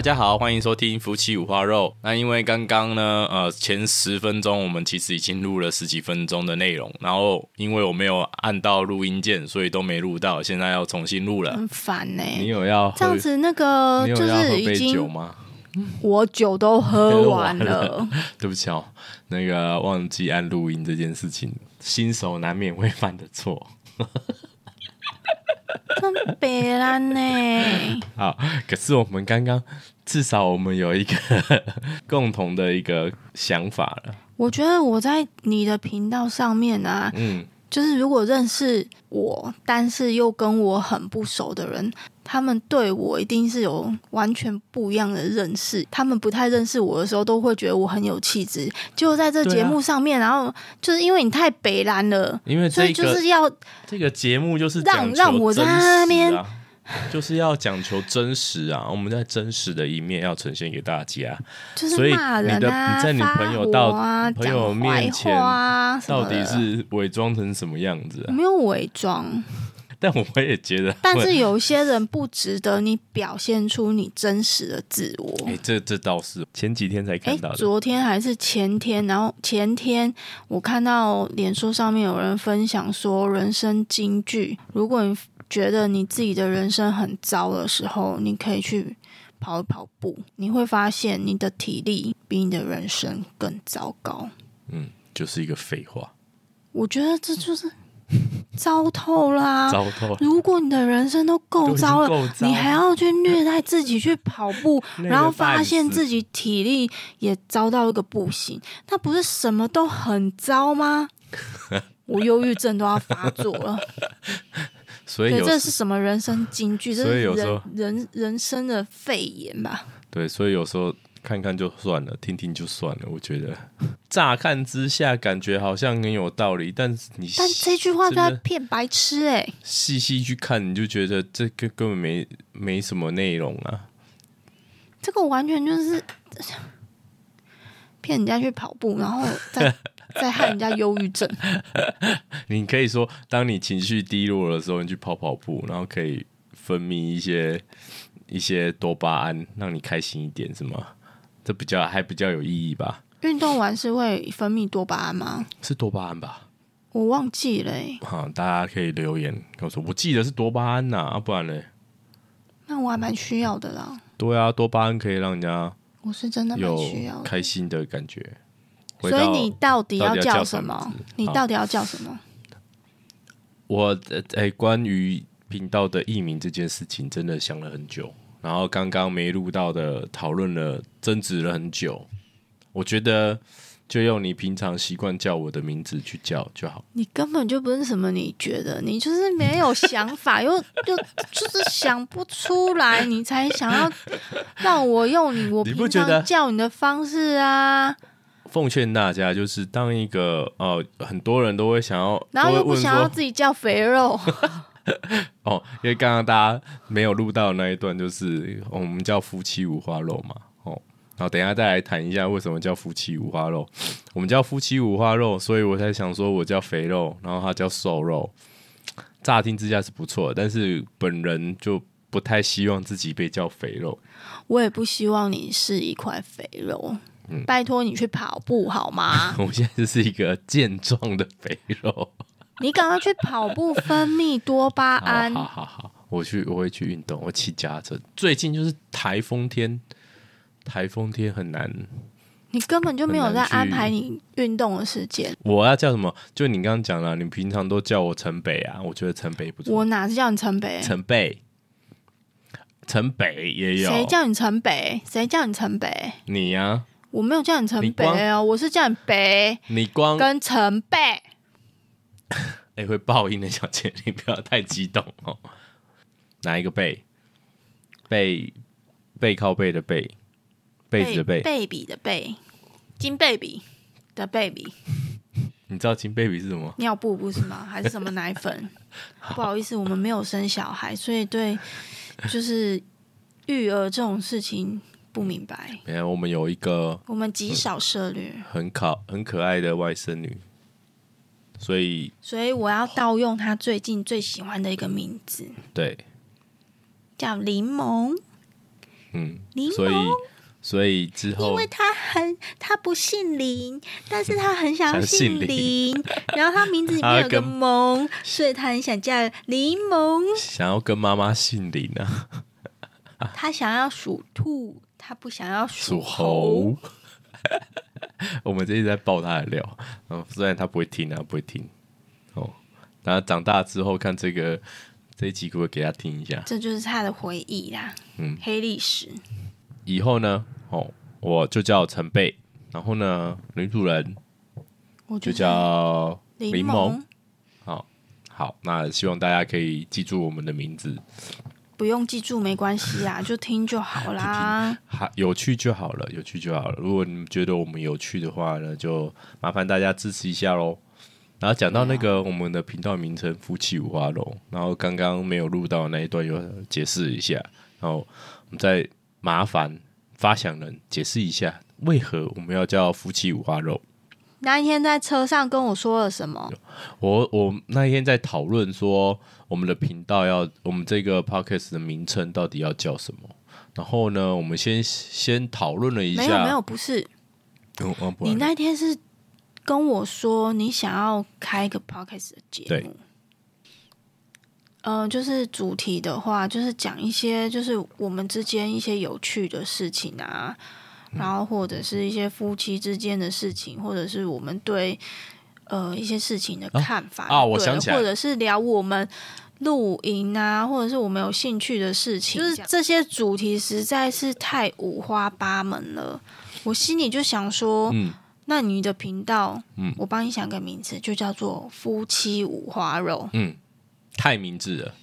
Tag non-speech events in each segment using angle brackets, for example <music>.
大家好，歡迎收聽夫妻五花肉。那因為剛剛呢，呃，前十分鐘我們其實已經錄了十幾分鐘的內容，然後因為我沒有按到錄音鍵，所以都沒錄到。現在要重新錄了，很、嗯、煩呢、欸。你有要這樣子？那個就是杯酒嗎已經？我酒都喝完了。 <laughs> 喝完了 <laughs> 對不起哦，那個忘記按錄音這件事情，新手難免會犯的錯。 <laughs> 真別人呢？好，可是我們剛剛，至少我們有一個呵呵共同的一個想法了。我覺得我在你的頻道上面啊，嗯，就是如果認識我，但是又跟我很不熟的人。他們對我一定是有完全不一樣的認識。他們不太認識我的時候，都會覺得我很有氣質，就在這節目上面、啊，然後就是因為你太北爛了，因為這個所以就是要這個節目就是、啊、讓讓我在那邊，就是要講求真實啊！我們在真實的一面要呈現給大家。 <laughs> 就是罵人、啊、你的你在你朋友到、啊、朋友面前，到底是偽裝成什麼樣子、啊？沒有偽裝。但我也覺得，但是有些人不值得你表現出你真實的自我。哎，這這倒是，前幾天才看到的。昨天還是前天，然後前天我看到臉書上面有人分享說，人生金句：如果你覺得你自己的人生很糟的時候，你可以去跑一跑步，你會發現你的體力比你的人生更糟糕。嗯，就是一個廢話。我覺得這就是、嗯。糟透啦、啊！糟透了！如果你的人生都夠糟，都夠糟了，你還要去虐待自己去跑步， <laughs> 然後發現自己體力也糟到一個不行，那不是什麼都很糟嗎？ <laughs> 我憂鬱症都要發作了。 <laughs> 所以所以這是什麼人生警句？這是人人人生的肺炎吧？對，所以有時候。看看就算了，聽聽就算了。我覺得，乍看之下感覺好像很有道理，但是你，但這句話就在騙白痴誒。細細去看，你就覺得這個根本沒沒什麼內容啊。這個完全就是騙人家去跑步，然後再 <laughs> 再害人家憂鬱症。 <laughs> 你可以說，當你情緒低落的時候，你去跑跑步，然後可以分泌一些一些多巴胺，讓你開心一點，是嗎？比較還比較有意義吧？運動完是會分泌多巴胺嗎？是多巴胺吧？我忘記了、欸。好、啊，大家可以留言跟我說，我記得是多巴胺吶、啊啊，不然嘞，那我還蠻需要的啦。對啊，多巴胺可以讓人家，我是真的有開心的感覺。所以你到底，到底要叫什麼？你到底要叫什麼？我哎、欸，關於頻道的藝名這件事情，真的想了很久。然後剛剛沒錄到的討論了，爭執了很久。我覺得就用你平常習慣叫我的名字去叫就好。你根本就不是什麼你覺得，你就是沒有想法， <laughs> 又就就是想不出來， <laughs> 你才想要讓我用你我平常叫你的方式啊。奉勸大家，就是當一個哦、呃，很多人都會想要，然後又不想要自己叫肥肉。 <laughs> <laughs> 哦，因為剛剛大家沒有錄到的那一段，就是我們叫夫妻五花肉嘛。哦，然後等一下再來談一下為什麼叫夫妻五花肉。我們叫夫妻五花肉，所以我才想說我叫肥肉，然後他叫瘦肉。乍聽之下是不錯，但是本人就不太希望自己被叫肥肉。我也不希望你是一塊肥肉。嗯，拜託你去跑步好嗎？ <laughs> 我現在就是一個健壯的肥肉。你趕快去跑步，分泌多巴胺。 <laughs> 好，好好好，我去，我會去運動。我騎腳踏車。最近就是颱風天，颱風天很難。你根本就沒有在安排你運動的時間。我要叫什麼？就你剛剛講了，你平常都叫我城北啊。我覺得城北不錯。我哪是叫你城北？城北，城北也有。誰叫你城北？誰叫你城北？你呀、啊。我沒有叫你城北啊，我是叫你北。你光跟城北。哎、欸，會報應的小姐，你不要太激動哦！哪一個背背背靠背的背，背子的背，貝比的貝，金貝比的貝比。的比 <laughs> 你知道金貝比是什麼？尿布不是嗎？還是什麼奶粉？ <laughs> 不好意思， <laughs> 我們沒有生小孩，所以對就是育兒這種事情不明白。沒、嗯、有，我們有一個，我們極少涉獵，很可很可愛的外甥女。所以，所以我要盜用他最近最喜歡的一個名字，對，叫檸檬。嗯，檸檬，所以之後，因為他很他不姓林，但是他很想要姓林，林然後他名字裡面有個萌，所以他很想叫檸檬。想要跟媽媽姓林呢、啊。他想要屬兔，他不想要屬猴。 <laughs> 我們這一直在爆他的料，哦，雖然他不會聽啊，他不會聽。哦，等他長大之後，看這個這一集，可不可以給他聽一下？這就是他的回憶啦。嗯，黑歷史。以後呢，哦，我就叫陳貝，然後呢，女主人就叫檸檬。好，哦，好，那希望大家可以記住我們的名字。不用記住，沒關係啊， <laughs> 就聽就好啦。聽聽有趣就好了，有趣就好了。如果你們覺得我們有趣的話呢，就麻煩大家支持一下嘍。然後講到那個我們的頻道名稱“夫妻五花肉”，然後剛剛沒有錄到那一段，有解釋一下。然後我們再麻煩發想人解釋一下，為何我們要叫“夫妻五花肉”。那一天在車上跟我說了什麼？我我那一天在討論說，我們的頻道要，我們這個 podcast 的名稱到底要叫什麼？然後呢，我們先先討論了一下，沒有，沒有，不是。哦啊、不，你那天是跟我說你想要開一個 podcast 的節目。嗯、呃，就是主題的話，就是講一些就是我們之間一些有趣的事情啊，然後或者是一些夫妻之間的事情、嗯，或者是我們對呃一些事情的看法啊，啊對，我想起來，或者是聊我們。露營啊，或者是我沒有興趣的事情，就是這些主題實在是太五花八門了。我心裡就想說，嗯，那你的頻道，嗯，我幫你想個名字，就叫做“夫妻五花肉”。嗯，太明智了。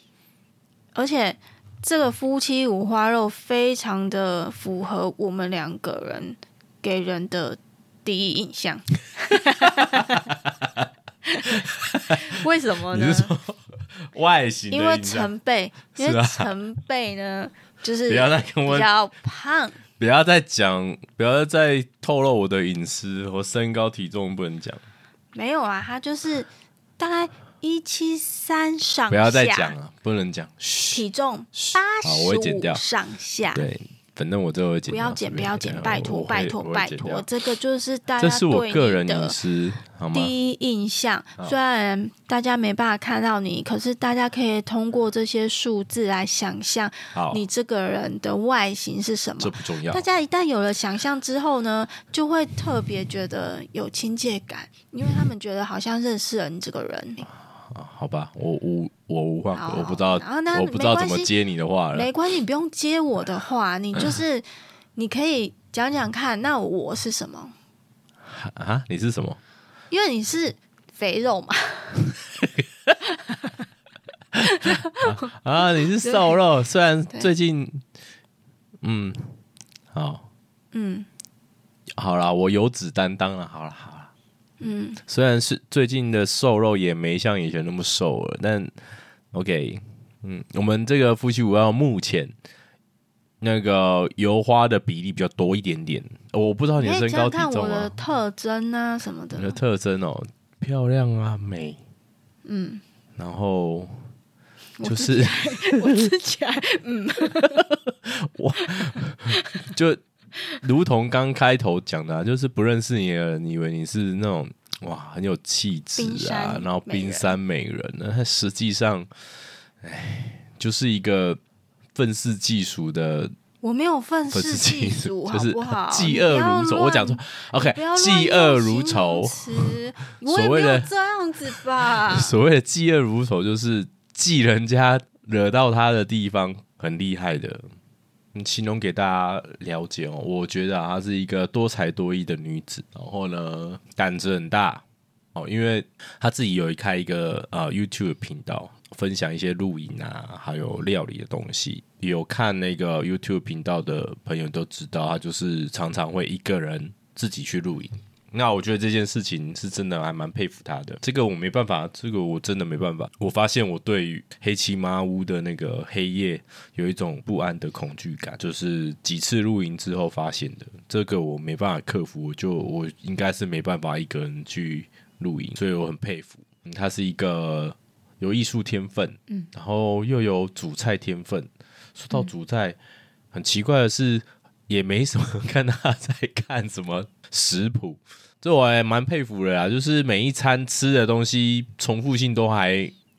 而且這個“夫妻五花肉”非常的符合我們兩個人給人的第一印象。 <laughs> <laughs> <laughs> 為什麼呢？外形因為成倍，因為成倍、啊、呢、啊，就是比較那個，比較胖。不要再講，不要再透露我的隱私，我身高體重不能講。沒有啊，他就是大概一七三上下。不要再講了，不能講。體重八十五上下，對。反正我都會剪，不要剪，不要剪，拜託，拜託，拜託，這個就是大家對你的第一印象。印象雖然大家沒辦法看到你，可是大家可以通過這些數字來想象你這個人的外形是什麼，這不重要。大家一旦有了想象之後呢，就會特別覺得有親切感， <laughs> 因為他們覺得好像認識了你這個人。好吧，我無我無話，我不知道，我不知道怎麼接你的話了。沒關係，你不用接我的話，你就是、嗯、你可以講講看，那我是什麼？啊，你是什麼？因為你是肥肉嘛。啊， <laughs> <laughs> <laughs> <laughs> 你是瘦肉，雖然最近，嗯，好，嗯，好啦，我有子擔當油脂擔當了，好了，好啦。嗯，雖然是最近的瘦肉也沒像以前那麼瘦了，但 OK，嗯，我們這個夫妻五要目前那個油花的比例比較多一點點，我不知道你的身高體重、啊、我的特徵啊什麼的，你的特徵哦、喔，漂亮啊，美，嗯，然後就是我之前，嗯， <laughs> <laughs> 我就。如同剛開頭講的、啊，就是不認識你，的人，你以為你是那種哇很有氣質啊，然後冰山美人。那實際上，唉，就是一個憤世嫉俗的。我沒有憤世嫉俗，就是嫉惡如仇，我講說 OK。嫉惡如仇，所謂的這樣子吧。所謂的嫉惡如仇，就是嫉人家惹到他的地方很厲害的。形容給大家了解哦、喔，我覺得、啊、她是一個多才多藝的女子，然後呢，膽子很大哦、喔，因為她自己有一開一個啊、呃、YouTube 頻道，分享一些露營啊，還有料理的東西。有看那個 YouTube 頻道的朋友都知道，她就是常常會一個人自己去露營。那我覺得這件事情是真的，還蠻佩服他的。這個我沒辦法，這個我真的沒辦法。我發現我對於黑漆麻烏的那個黑夜有一種不安的恐懼感，就是幾次露營之後發現的。這個我沒辦法克服，我就我應該是沒辦法一個人去露營。所以我很佩服他，嗯、它是一個有藝術天分，嗯，然後又有主菜天分。說到主菜，嗯、很奇怪的是也沒什麼看他在看什麼食譜。這我還蠻佩服的啦，就是每一餐吃的東西重複性都還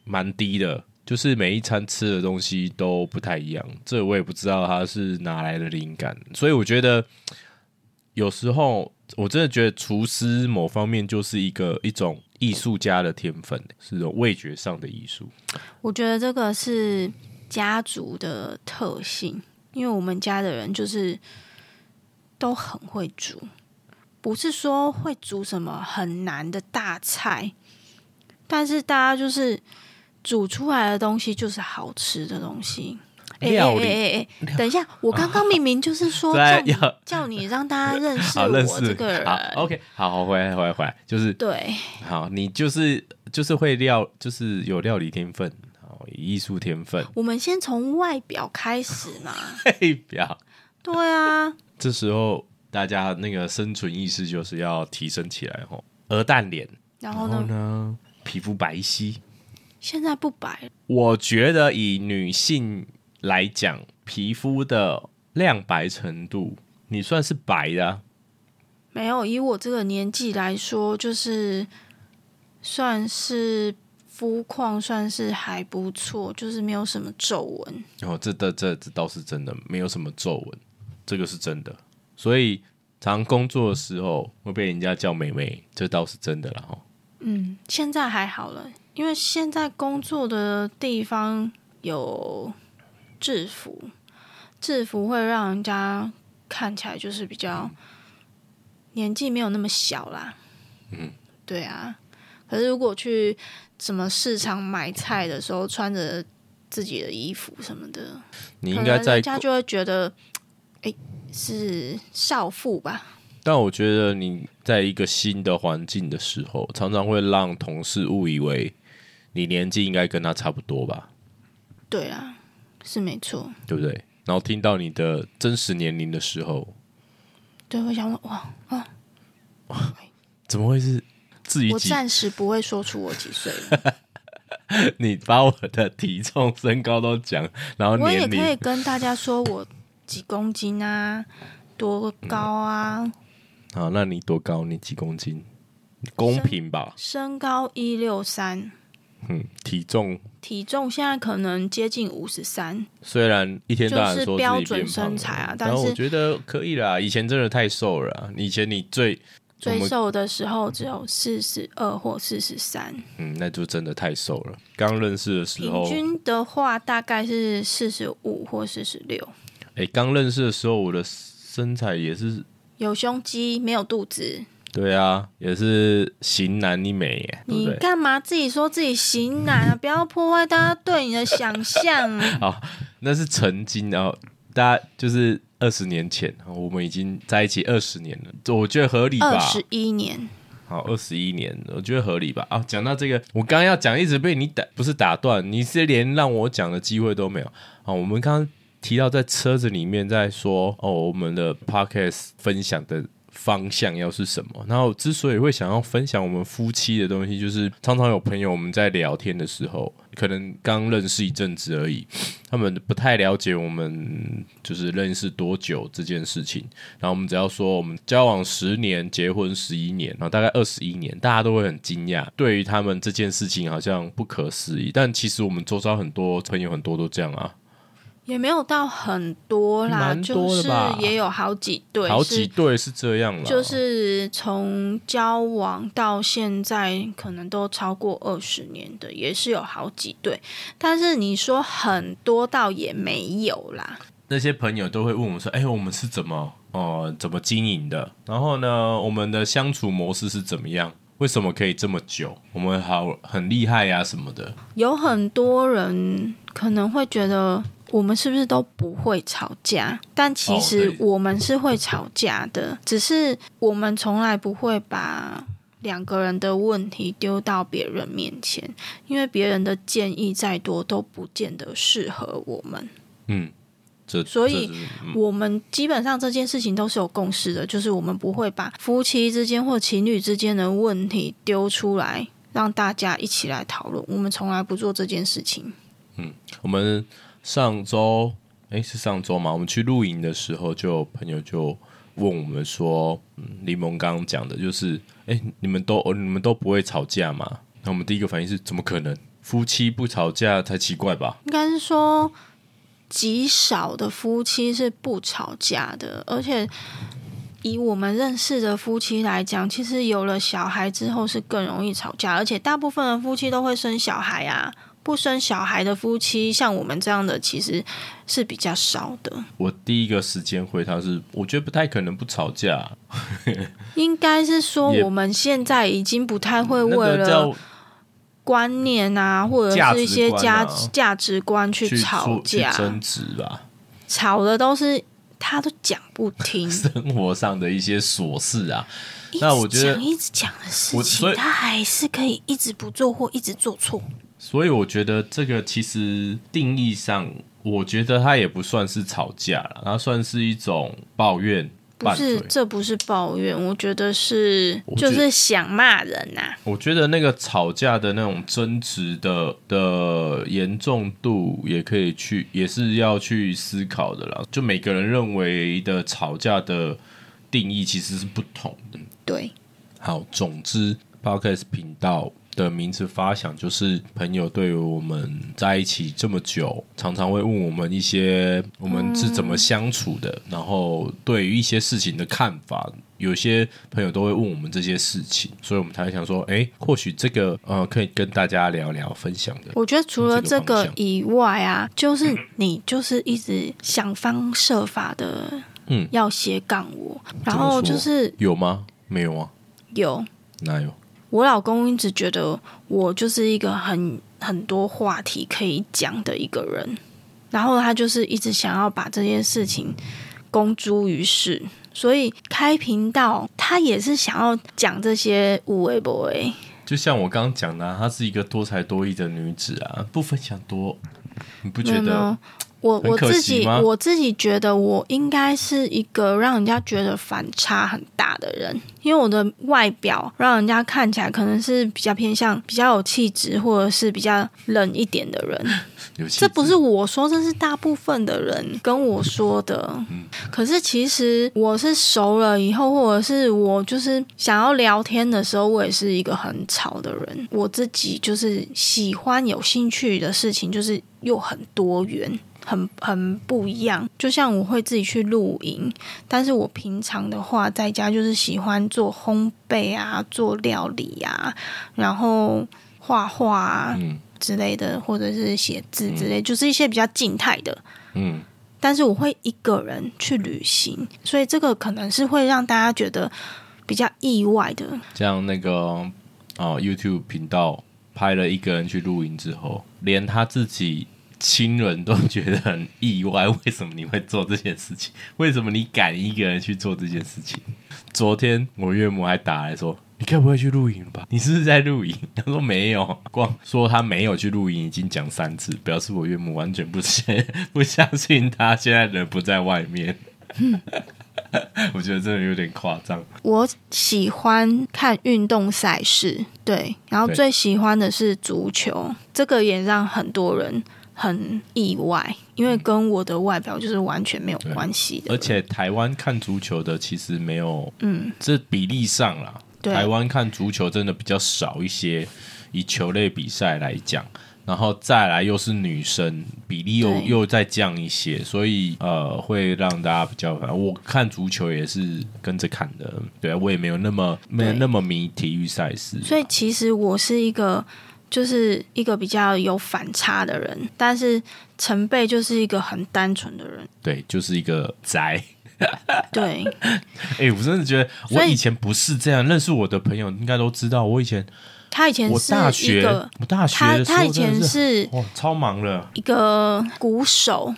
蠻低的，就是每一餐吃的東西都不太一樣。這我也不知道他是哪來的靈感，所以我覺得有時候我真的覺得廚師某方面就是一個一種藝術家的天分，是種味覺上的藝術。我覺得這個是家族的特性，因為我們家的人就是都很會煮。不是說會煮什麼很難的大菜，但是大家就是煮出來的東西就是好吃的東西。哎哎哎哎，等一下，我剛剛明明就是說叫你、啊、叫你讓大家認識我、啊、認識這個人。好，OK，好，回來回來回來，就是對，好，你就是就是會料，就是有料理天分，好，藝術天分。我們先從外表開始嘛，外表。對啊， <laughs> 這時候。大家那個生存意識就是要提升起來哦，鵝蛋臉，然後呢，皮膚白皙，現在不白。我覺得以女性來講，皮膚的亮白程度，你算是白的啊。沒有，以我這個年紀來說，就是算是膚況算是還不錯，就是沒有什麼皺紋。哦，這這這倒是真的，沒有什麼皺紋，這個是真的。所以，常，常工作的時候會被人家叫妹妹，這倒是真的了哈。嗯，現在還好了，因為現在工作的地方有制服，制服會讓人家看起來就是比較年紀沒有那麼小啦。嗯，對啊。可是如果去什麼市場買菜的時候，穿着自己的衣服什麼的，你應該在，人家就會覺得，欸是少婦吧？但我覺得你在一個新的環境的時候，常常會讓同事誤以為你年紀應該跟他差不多吧？對啊，是沒錯，對不對？然後聽到你的真實年齡的時候，對，我想說哇啊哇，怎麼會是自己？我暫時不會說出我幾歲。 <laughs> 你把我的體重、身高都講，然後年齡，我也可以跟大家說我。 <laughs> 幾公斤啊？多高啊、嗯？好，那你多高？你幾公斤？公平吧？身、身高一六三。嗯，體重？體重現在可能接近五十三。雖然一天就是標準身材啊，但是但我覺得可以啦、啊。以前真的太瘦了、啊。以前你最最瘦的時候只有四十二或四十三。嗯，那就真的太瘦了。剛認識的時候，平均的話大概是四十五或四十六。哎、欸，剛認識的時候，我的身材也是有胸肌，沒有肚子。對啊，也是型男一枚，對，你幹嘛自己說自己型男啊？ <laughs> 不要破壞大家對你的想象、啊。啊， <laughs> 那是曾經啊、哦，大家就是二十年前，我們已經在一起二十年了，我覺得合理吧？二十一年，好，二十一年，我覺得合理吧？啊、哦，講到這個，我剛要講，一直被你打，不是打斷，你是連讓我講的機會都沒有、哦、我們剛。提到在車子裡面，在說哦，我們的 podcast 分享的方向要是什麼？然後之所以會想要分享我們夫妻的東西，就是常常有朋友我們在聊天的時候，可能剛認識一陣子而已，他們不太了解我們就是認識多久這件事情。然後我們只要說我們交往十年，結婚十一年，然後大概二十一年，大家都會很驚訝，對於他們這件事情好像不可思議。但其實我們周遭很多朋友很多都這樣啊。也沒有到很多啦，多就是也有好幾對，好幾對是這樣啦。就是從交往到現在，可能都超過二十年的，也是有好幾對。但是你說很多，倒也沒有啦。那些朋友都會問我說：“哎、欸，我們是怎麼哦、呃？怎麼經營的？然後呢，我們的相處模式是怎麼樣？為什麼可以這麼久？我們好很厲害呀、啊、什麼的？”有很多人可能會覺得。我們是不是都不會吵架？但其實我們是會吵架的，只是我們從來不會把兩個人的問題丟到別人面前，因為別人的建議再多都不見得適合我們。嗯，這所以我們基本上這件事情都是有共識的，就是我們不會把夫妻之間或情侶之間的問題丟出來讓大家一起來討論，我們從來不做這件事情。嗯，我們。上週，哎、欸，是上週嗎？我們去露營的時候就，就朋友就問我們說：“嗯，檸檬剛剛講的，就是，哎、欸，你們都你們都不會吵架嗎？”那我們第一個反應是：“怎麼可能？夫妻不吵架才奇怪吧？”應該是說，極少的夫妻是不吵架的，而且以我們認識的夫妻來講，其實有了小孩之後是更容易吵架，而且大部分的夫妻都會生小孩啊。不生小孩的夫妻，像我們這樣的其實是比較少的。我第一個時間回他是，我覺得不太可能不吵架。 <laughs> 應該是說我們現在已經不太會為了觀念啊，嗯那個、或者是一些價值、啊、價值觀去吵架去去爭執吧。吵的都是他都講不聽， <laughs> 生活上的一些瑣事啊。那我覺得一直講的事情，他還是可以一直不做或一直做錯。所以我覺得這個其實定義上，我覺得它也不算是吵架了，它算是一種抱怨。不是，這不是抱怨，我覺得是我覺得就是想罵人吶、啊。我覺得那個吵架的那種爭執的的嚴重度，也可以去也是要去思考的啦。就每個人認為的吵架的定義其實是不同的。對。好，總之，Podcast 頻道，的名字發想，就是朋友，對於我們在一起這麼久，常常會問我們一些我們是怎麼相處的、嗯，然後對於一些事情的看法，有些朋友都會問我們這些事情，所以我們才會想說，哎，或許這個呃，可以跟大家聊聊分享的。我覺得除了這個，這個以外啊，就是你就是一直想方設法的，嗯，要斜槓我，然後就是有嗎？沒有啊？有哪有？我老公一直覺得我就是一個很很多話題可以講的一個人，然後他就是一直想要把這件事情公諸於世，所以開頻道，他也是想要講這些無為不為。就像我剛剛講的啊，她是一個多才多藝的女子啊，不分享多，你不覺得？我我自己我自己覺得我應該是一個讓人家覺得反差很大的人，因為我的外表讓人家看起來可能是比較偏向比較有氣質或者是比較冷一點的人。 <laughs> 這不是我說，這是大部分的人跟我說的。 <laughs> 可是其實我是熟了以後，或者是我就是想要聊天的時候，我也是一個很吵的人。我自己就是喜歡有興趣的事情，就是又很多元。很很不一樣，就像我會自己去露營，但是我平常的話在家就是喜歡做烘焙啊，做料理啊，然後畫畫啊，嗯、之類的，或者是寫字之類，嗯，就是一些比較靜態的。嗯，但是我會一個人去旅行，所以這個可能是會讓大家覺得比較意外的。像那個啊，哦、YouTube 頻道拍了一個人去露營之後，連他自己親人都覺得很意外，為什麼你會做這件事情？為什麼你敢一個人去做這件事情？昨天我岳母還打來說：“你該不會去露營吧？你是不是在露營？”他說：“沒有，光說他沒有去露營，已經講三次。”表示我岳母完全不相不相信他，現在人不在外面。嗯、 <laughs> 我覺得真的有點誇張。我喜歡看運動賽事，對，然後最喜歡的是足球，這個也讓很多人。很意外，因為跟我的外表就是完全沒有關係的。而且台灣看足球的其實沒有，嗯，這比例上啦，對台灣看足球真的比較少一些。以球類比賽來講，然後再來又是女生比例又又再降一些，所以呃會讓大家比較反。我看足球也是跟着看的，對，我也沒有那麼沒有那麼迷體育賽事。所以其實我是一個。就是一個比較有反差的人，但是陳貝就是一個很單純的人，對，就是一個宅。 <laughs> 對，哎、欸，我真的覺得我以前不是這樣，認識我的朋友應該都知道我以前。他以前是我大學，我大學的時候的他，他以前是哦，超忙了，一個鼓手，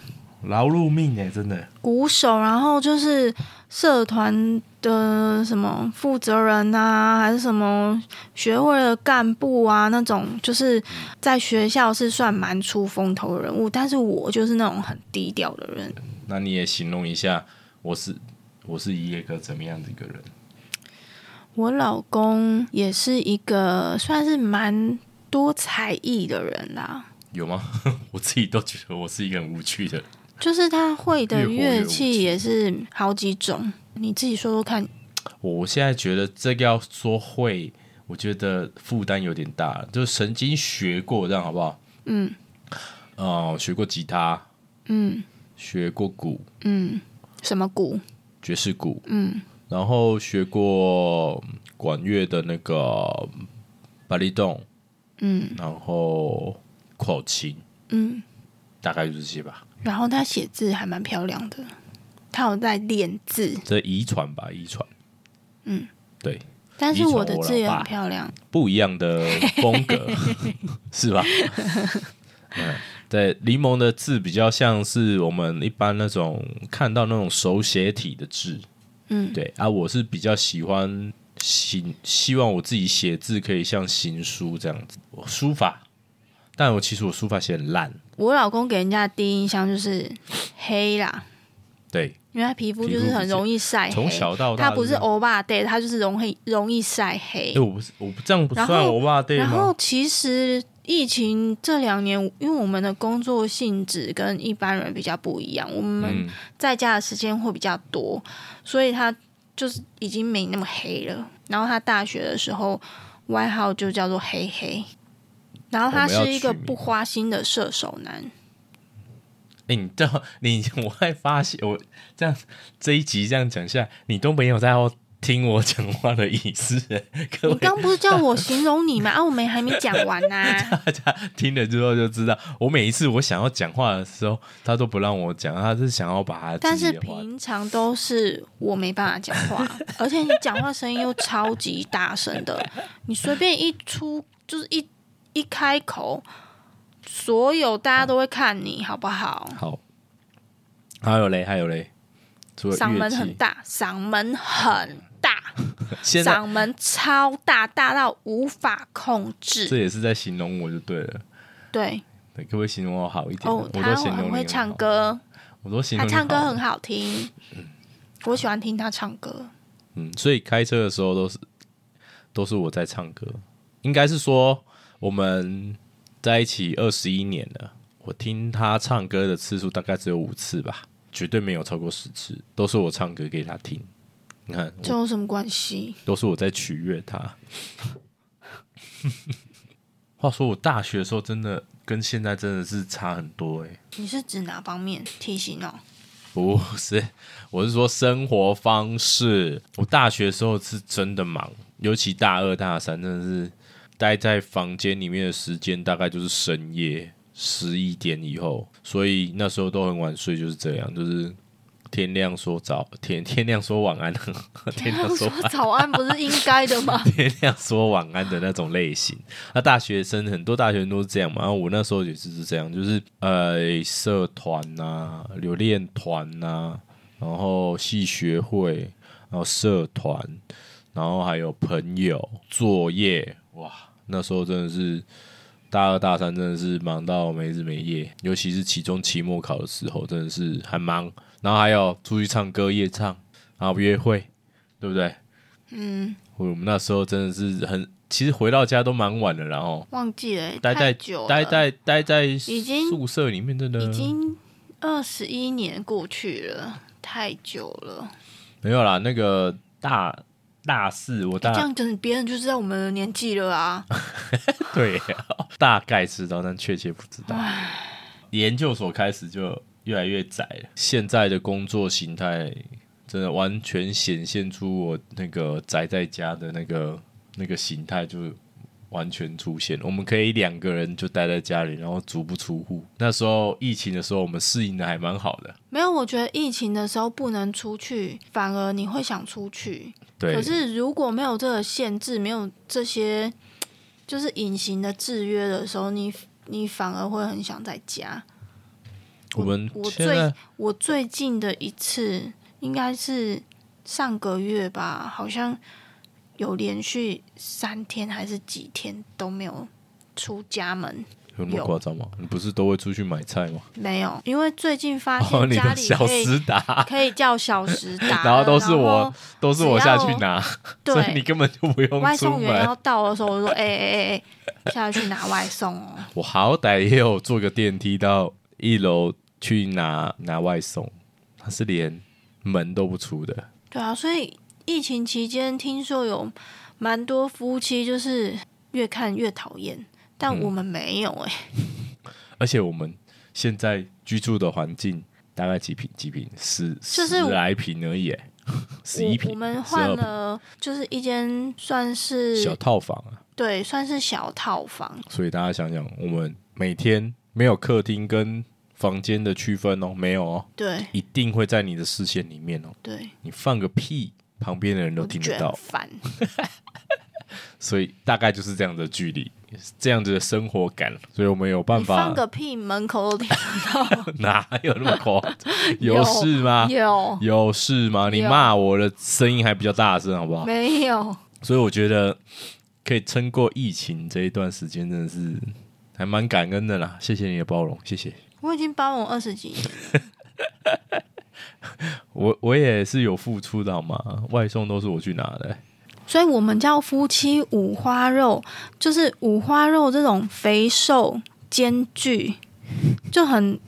勞碌命哎、欸，真的鼓手，然後就是社團。的什麼負責人吶、啊，還是什麼學會的幹部啊？那種就是在學校是算蠻出風頭的人物，但是我就是那種很低調的人。那你也形容一下，我是我是一個怎麼樣的一個人？我老公也是一個算是蠻多才藝的人啦、啊。有嗎？ <laughs> 我自己都覺得我是一個很無趣的。就是他會的樂器也是好幾種。你自己說說看。我現在覺得這個要說會，我覺得負擔有點大，就曾經學過這樣，好不好？嗯。哦、呃，學過吉他。嗯。學過鼓。嗯。什麼鼓？爵士鼓。嗯。然後學過管樂的那個巴裡東。嗯。然後口琴。嗯。大概就是這些吧。然後他寫字還蠻漂亮的。他有在練字，這遺傳吧，遺傳。嗯，對。但是我，我的字也很漂亮，不一樣的風格， <laughs> <laughs> 是吧？ <laughs> 嗯，對。檸檬的字比較像是我們一般那種看到那種手寫體的字。嗯，對。啊，我是比較喜歡行，希望我自己寫字可以像行書這樣子，書法。但我其實我書法寫得很爛。我老公給人家的第一印象就是黑啦。對，因為他皮膚就是很容易曬黑，小，從小到大他不是歐巴 day，他就是容易容易曬黑。我不是，我不，我不這樣不算歐巴 day 嗎？然，然後其實疫情這兩年，因為我們的工作性質跟一般人比較不一樣，我們在家的時間會比較多，嗯。所以他就是已經沒那麼黑了。然後他大學的時候外號就叫做黑黑，然後他是一個不花心的射手男。欸、你你，我還發現我這樣這一集這樣講下來，你都沒有在要聽我講話的意思。你剛不是叫我形容你嗎？ <laughs> 啊，我們還沒講完呢、啊。大家聽了之後就知道，我每一次我想要講話的時候，他都不讓我講，他是想要把他。但是平常都是我沒辦法講話， <laughs> 而且你講話聲音又超級大聲的，你隨便一出就是一一開口。所有大家都會看你好，好不好？好，還有嘞，還有嘞，嗓門很大，嗓門很大，嗓門超大，大到無法控制。這也是在形容我就對了，對，對可不可以形容我好一點？哦，他很會唱歌，我都形容他唱歌很好聽，我喜歡聽他唱歌，嗯，所以開車的時候都是都是我在唱歌，應該是說我們。在一起二十一年了，我聽他唱歌的次數大概只有五次吧，絕對沒有超過十次，都是我唱歌給他聽。你看，這有什麼關係？都是我在取悅他。 <laughs> 話說，我大學的時候真的跟現在真的是差很多誒、欸。你是指哪方面體型哦？不是，我是說生活方式。我大學的時候是真的忙，尤其大二大三，真的是。待在房間裡面的時間大概就是深夜十一點以後，所以那時候都很晚睡，就是這樣，就是天亮說早天天亮說、啊、天亮說晚安，天亮說早安不是應該的嗎？天亮說晚安的那種類型。那、啊、大學生很多大學生都是這樣嘛，啊、我那時候也是，是這樣，就是呃，社團吶、啊，留戀團吶，然後系學會，然後社團，然後還有朋友作業，哇。那時候真的是大二大三，真的是忙到沒日沒夜，尤其是期中期末考的時候，真的是很忙。然後還有出去唱歌夜唱，然後不約會，對不對？嗯，我們那時候真的是很，其實回到家都蠻晚的。然後待待忘記了，欸了。待在久，待在待在已經宿舍裡面，真的已經二十一年過去了，太久了。沒有啦，那個大。大四，我大這樣講，別人就知道我們的年紀了啊。 <laughs> 對啊，大概知道，但確切不知道。研究所開始就越來越宅了，現在的工作形態真的完全顯現出我那個宅在家的那個那個形態，就是。完全出現，我們可以兩個人就待在家裡，然後足不出戶。那時候疫情的時候，我們適應的還蠻好的。沒有，我覺得疫情的時候不能出去，反而你會想出去。對。可是如果沒有這個限制，沒有這些就是隱形的制約的時候，你你反而會很想在家。我們現在我，我最我最近的一次應該是上個月吧，好像。有連續三天還是幾天都沒有出家門？有那麼誇張嗎？你不是都會出去買菜嗎？沒有，因為最近發現家裡可以，oh，你的小時達，可以叫小時達， <laughs> 然後都是我都是我下去拿， <laughs> 所以你根本就不用出門，外送員要到的時候我就，我說哎哎哎哎，下去拿外送哦、喔。 <laughs> 我好歹也有坐個電梯到一樓去拿拿外送，他是連門都不出的。對啊，所以。疫情期間，聽說有蠻多夫妻，就是越看越討厭。但我們沒有哎、欸嗯。而且我們現在居住的環境大概幾平幾平，十就是十來平而已，欸， <laughs> 十一平。我們換了，就是一間算是小套房啊。對，算是小套房。所以大家想想，我們每天沒有客廳跟房間的區分哦、喔，沒有哦、喔。對，一定會在你的視線裡面哦、喔。對，你放個屁，旁邊的人都聽得到，煩。 <laughs> 所以大概就是這樣的距離，這樣子的生活感，所以我們有辦法。放個屁，門口都聽得到， <laughs> 哪有那麼誇張？ <laughs> 有事嗎？有，有事嗎？你罵我的聲音還比較大聲，好不好？沒有。所以我覺得可以撐過疫情這一段時間，真的是還蠻感恩的啦。謝謝你的包容，謝謝。我已經包容二十幾年。 <laughs> 我我也是有付出的，好嗎？外送都是我去拿的欸，所以我們叫夫妻五花肉，就是五花肉這種肥瘦兼具，就很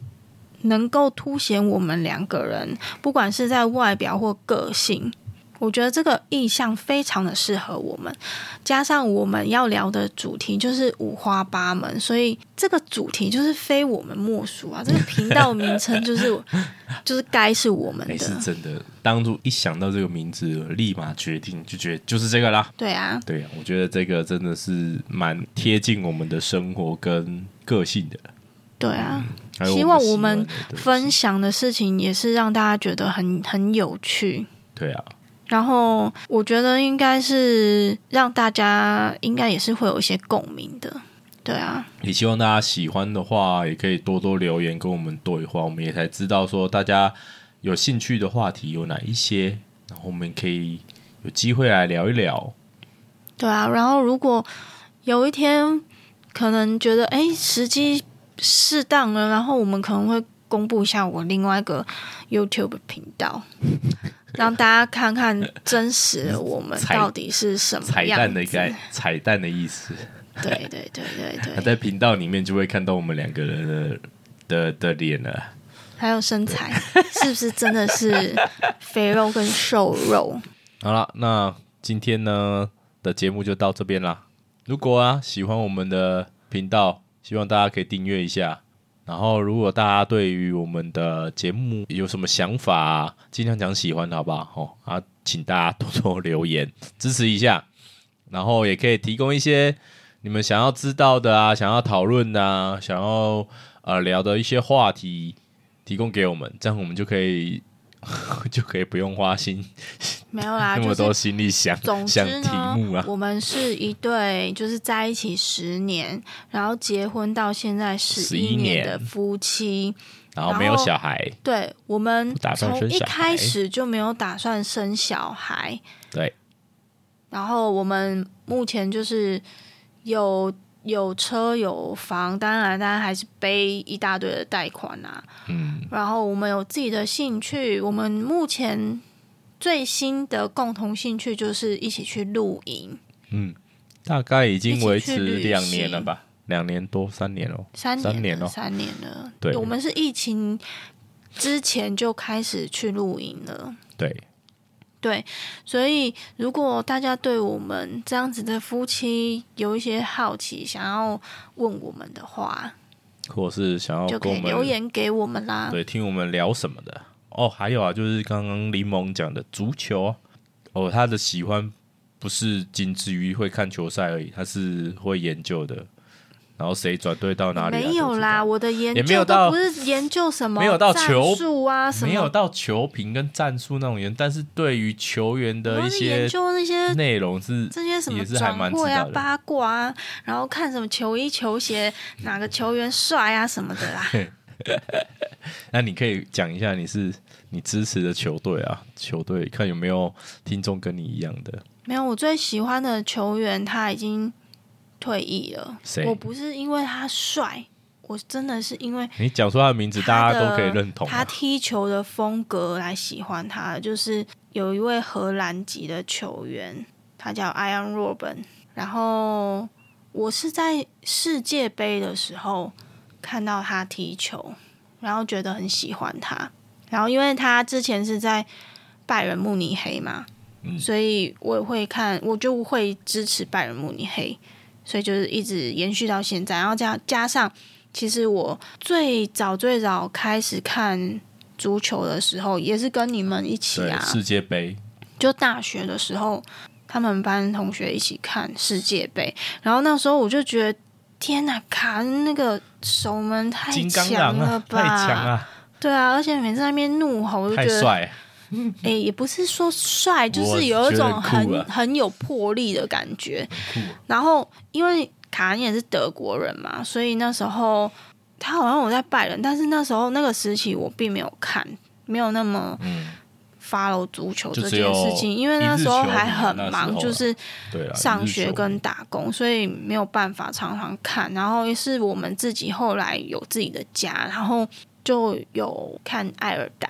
能夠凸顯我們兩個人，不管是在外表或個性。我覺得這個意象非常的適合我們，加上我們要聊的主題就是五花八門，所以這個主題就是非我們莫屬啊！這個頻道名稱就是 <laughs> 就是該是我們的、欸。是真的，當初一想到這個名字，立馬決定就覺得就是這個啦。對啊，對啊，我覺得這個真的是蠻貼近我們的生活跟個性的。對啊，嗯、希望我們分享的事情也是讓大家覺得很很有趣。對啊。然後我覺得應該是讓大家應該也是會有一些共鳴的，對啊。也希望大家喜歡的話，也可以多多留言跟我們對話，我們也才知道說大家有興趣的話題有哪一些，然後我們可以有機會來聊一聊。對啊，然後如果有一天可能覺得哎時機適當了，然後我們可能會公布一下我另外一個 YouTube 頻道。 <laughs> 讓大家看看真實的我們到底是什麼樣彩？彩蛋的概彩蛋的意思。 <laughs> 對對對對對，對、啊。那在頻道裡面就會看到我們兩個人的的的臉了，還有身材，是不是真的是肥肉跟瘦肉？ <laughs> 好了，那今天呢的節目就到這邊啦。如果啊喜歡我們的頻道，希望大家可以訂閱一下。然後，如果大家對於我們的節目有什麼想法、啊，盡量講喜歡的，好不好？好、哦、啊，請大家多多留言支持一下，然後也可以提供一些你們想要知道的啊，想要討論的、啊，想要呃聊的一些話題，提供給我們，這樣我們就可以。 <laughs> 就可以不用花心， <laughs> 沒有啦，這、就是、 <laughs> 麼多心裡想。總之呢想題目，啊、我們是一對，就是在一起十年，然後結婚到現在十一年的夫妻，然後，然後沒有小孩。對，我們從一開始就沒有打算生小孩。對，然後我們目前就是有。有車有房，當然，當然還是背一大堆的貸款吶、啊。嗯，然後我們有自己的興趣，我們目前最新的共同興趣就是一起去露營。嗯，大概已經維持兩年了吧，兩年多三年咯。三年咯，三年了。對，我們是疫情之前就開始去露營了。對。對，所以如果大家對我們這樣子的夫妻有一些好奇，想要問我們的話，或是想要我們就可以留言給我們啦，對，聽我們聊什麼的。哦，還有啊，就是剛剛林萌講的足球哦，他的喜歡不是僅止於會看球賽而已，他是會研究的。然後誰轉隊到哪裡。啊？沒有啦，我的研究都不是研究什麼戰術啊，沒有到球術啊，沒有到球評跟戰術那種研。但是對於球員的一些研究那些內容是些這些什麼也是還蠻轉會呀、啊、八卦啊，然後看什麼球衣、球鞋，哪個球員帥啊什麼的啦。 <laughs> 那你可以講一下你是你支持的球隊啊，球隊看有沒有聽眾跟你一樣的。沒有，我最喜歡的球員他已經。退役了，我不是因為他帥，我真的是因為你講出他的名字的，大家都可以認同、啊。他踢球的風格來喜歡他，就是有一位荷蘭籍的球員，他叫艾揚羅本。然後我是在世界盃的時候看到他踢球，然後覺得很喜歡他。然後因為他之前是在拜仁慕尼黑嘛、嗯，所以我也會看，我就會支持拜仁慕尼黑。所以就是一直延續到現在，然後加加上，其實我最早最早開始看足球的時候，也是跟你們一起啊，世界杯。就大學的時候，他們班同學一起看世界杯，然後那時候我就覺得，天哪，看那個守門太強了吧，啊、太強啊，對啊，而且每次在那邊怒吼，我就覺得。哎、欸，也不是說帥，就是有一種很很有魄力的感覺。然後，因為卡恩也是德國人嘛，所以那時候他好像我在拜仁，但是那時候那個時期我並沒有看，沒有那麼發 o 足球這件事情，因、嗯、為、啊、那時候還、啊、很忙，就是上學跟打工，所以沒有辦法常常看。然後是我們自己後來有自己的家，然後就有看艾爾達。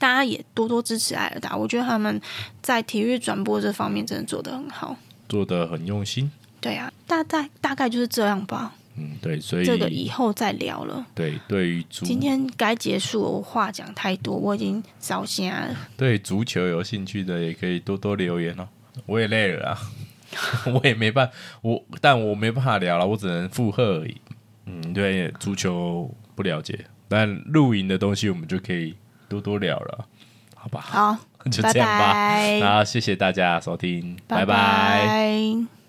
大家也多多支持愛爾達，我覺得他們在體育轉播這方面真的做得很好，做的很用心。對啊，大，大概大概就是這樣吧。嗯，對，所以這個以後再聊了。對，對於足，今天該結束，我話講太多，我已經燒聲了。對，足球有興趣的也可以多多留言哦、喔。我也累了啊， <laughs> 我也沒辦，我但我沒辦法聊了，我只能附和而已。嗯，對，足球不了解，但露營的東西我們就可以。多多聊了，好吧，好， <laughs> 就這樣吧。拜拜。好，謝謝大家收聽，拜拜。拜拜。